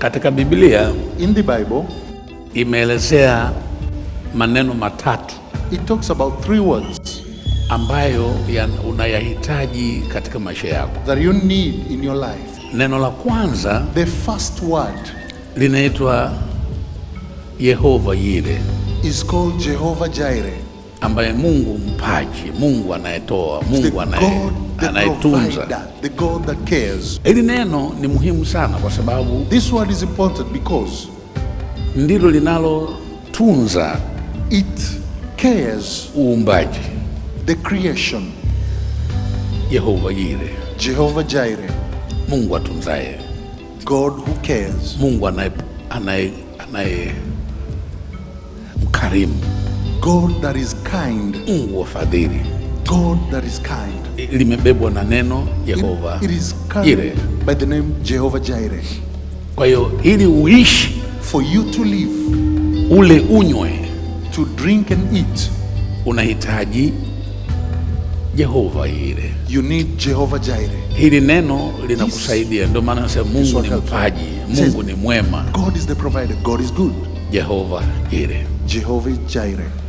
Katika Biblia in the Bible imeelezea maneno matatu it talks about three words ambayo unayahitaji katika maisha yako that you need in your life. Neno la kwanza the first word linaitwa Yehova Yire is called Jehovah Jireh ambaye Mungu mpaji, Mungu anayetoa, Mungu anayetunza. Hili neno ni muhimu sana kwa sababu this word is important because ndilo linalotunza it cares uumbaji, the creation. Yehova Jire, Jehova Jire, Mungu atunzaye, God who cares, Mungu anaye anaye mkarimu God that is kind, Mungu wa fadhili. God that is kind, limebebwa na neno Yehova. It, is kind By the name Jehovah Jireh. Kwa hiyo ili uishi, for you to live, ule unywe, to drink and eat, unahitaji Jehova ile. You need Jehova Jireh. Hili neno linakusaidia, ndio maana nasema Mungu ni mpaji, Mungu ni mwema. God is the provider, God is good. Jehova ile. Jehovah Jireh.